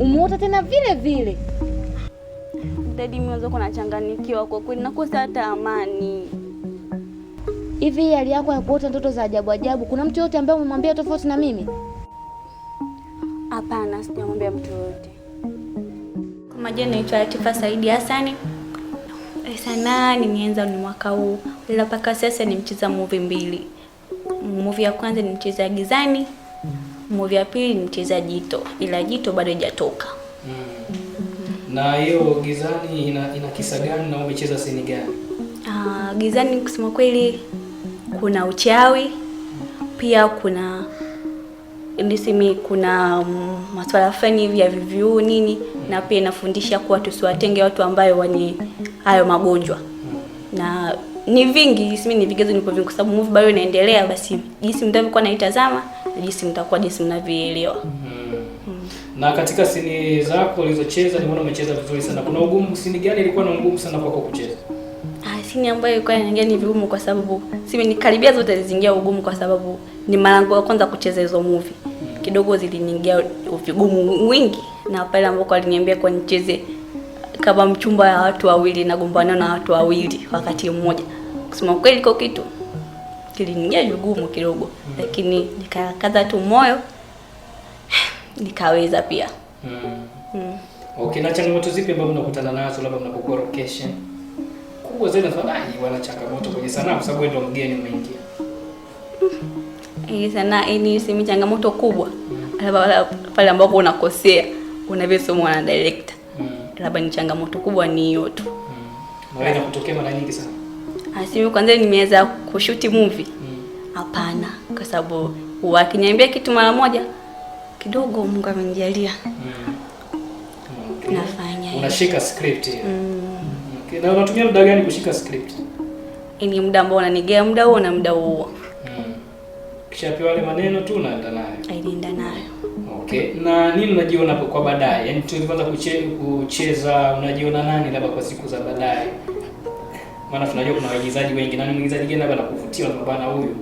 Umeota tena vile vile? Dadi, mwanzo kuna nachanganyikiwa kwa kweli, nakosa hata amani. Hivi hali yako ya kuota ndoto za ajabu ajabu, kuna mtu yote ambaye umemwambia tofauti na mimi? Hapana, sijamwambia mtu yote. Kwa majina naitwa Latifa Saidi Hasani. Sanaa nimeanza ni mwaka huu, ila mpaka sasa nimecheza movie mbili. Movie ya kwanza nimecheza Gizani Movie ya pili ni Jito, ila jito bado haijatoka. Mm. Na hiyo Gizani ina, ina kisa gani na umecheza sini gani? Ah, Gizani kusema kweli kuna uchawi pia kuna ndisimi kuna mm, maswala masuala hivi ya viviu nini na pia inafundisha kuwa tusiwatenge watu ambayo wenye hayo magonjwa hmm. na ni vingi, simi ni vigezo niko vingi, kwa sababu move bado inaendelea. Basi jinsi mtavyokuwa naitazama na jinsi mtakuwa jinsi mnavyoelewa. Mm-hmm. Na katika sini zako ulizocheza nimeona umecheza vizuri sana. Kuna ugumu sini gani ilikuwa na ugumu sana kwako kucheza? Ah, sini ambayo ilikuwa inaingia ni vigumu kwa sababu ni karibia zote ziliingia ugumu kwa sababu ni malango ya kwanza kucheza hizo movie. Mm-hmm. Kidogo ziliniingia vigumu wingi na pale ambapo aliniambia kwa nicheze kama mchumba ya watu wawili, nagombana na watu wawili wakati mmoja. Kusema kweli, iko kitu kiliningia jugumu kidogo, mm. lakini nikakaza tu moyo nikaweza pia. Mm. mm. Okay, na changamoto zipi ambazo mnakutana nazo labda mnapokuwa location? Kubwa zaidi nafanya nafahamu wana changamoto kwenye sanaa kwa sababu wewe ndio mgeni umeingia. Hii eh, sanaa eh, ni semi changamoto kubwa. Mm. Pale ambapo unakosea, unavyosoma na director labda ni changamoto kubwa ni hiyo tu. Na wewe mara nyingi sana? Ah, simu kwanza nimeweza kushuti movie. Hmm. Hapana, kwa sababu huwa akiniambia kitu mara moja kidogo Mungu amenijalia. Mm. Nafanya. Unashika script hiyo. Mm. Okay. Na unatumia muda gani kushika script? Ni muda ambao unanigea muda huo na muda huo. Mm. Kisha pia wale maneno tu unaenda nayo. Ainaenda nayo. Okay, na nini unajiona hapo kwa baadaye? Yaani tukianza kuche, kucheza unajiona nani labda kwa siku za baadaye? Maana tunajua kuna waigizaji wengi, na mwigizaji gani labda nakuvutia na bwana huyu?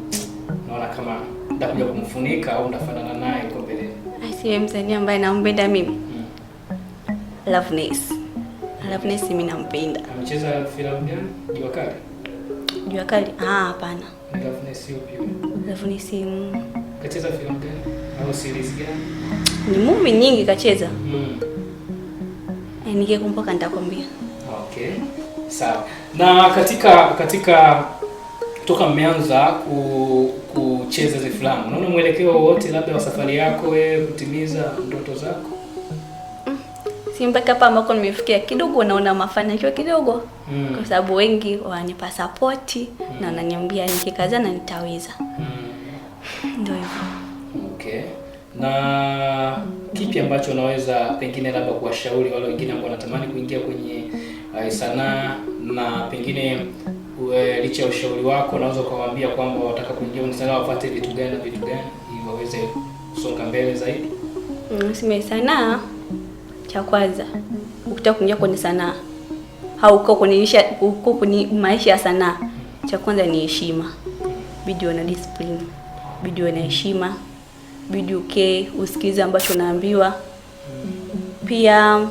Naona kama ndakuja kumfunika au ndafanana naye kwa mbele. I see msanii ambaye nampenda mimi. Hmm. Loveness. Loveness mimi nampenda. Amecheza filamu gani? Jua kali. Jua kali? Ah, hapana. Loveness yupi? Loveness. Mm. Kacheza filamu gani? Au series gani? ni mumi nyingi kacheza mm. E, ningekumbuka nitakwambia. Okay, sawa. Na katika katika toka mmeanza ku, kucheza hizo filamu, unaona mwelekeo wote labda wa safari yako wewe kutimiza ndoto zako? Mm. Si mpaka hapa ambako nimefikia kidogo, naona mafanikio kidogo mm. kwa sababu wengi wananipa support mm. na hmm. wananiambia nikikazana nitaweza. Mm. Ndio hivyo. Okay na kipi ambacho unaweza pengine labda kuwashauri wale wengine ambao wanatamani kuingia kwenye uh, sanaa na pengine eh, licha ya ushauri wako unaweza ukawaambia kwamba wataka kuingia kwenye sanaa wapate vitu gani na vitu gani ili waweze kusonga mbele zaidi? Mm, Sime sanaa, cha kwanza ukitaka kuingia kwenye sanaa au uko kwenye uko kwenye maisha ya sanaa, cha kwanza ni heshima, bidii na discipline, bidii na heshima bidi ukee usikilize ambacho unaambiwa. Pia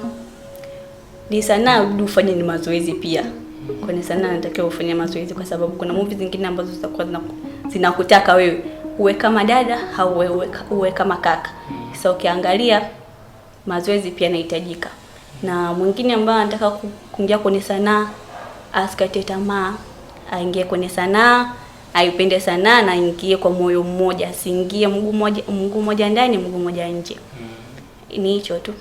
ni sanaa, bidi ufanye ni mazoezi pia. Kwenye sanaa natakiwa ufanye mazoezi, kwa sababu kuna movie zingine ambazo zitakuwa zinakutaka wewe uwe kama dada au uwe, kama kaka. Sasa ukiangalia mazoezi pia yanahitajika. Na mwingine ambaye anataka kuingia kwenye sanaa asikate tamaa, aingie kwenye sanaa aipende sanaa na ingie kwa moyo mmoja, asiingie mguu mmoja mguu mmoja ndani mguu mmoja nje. Mm. Ni hicho tu.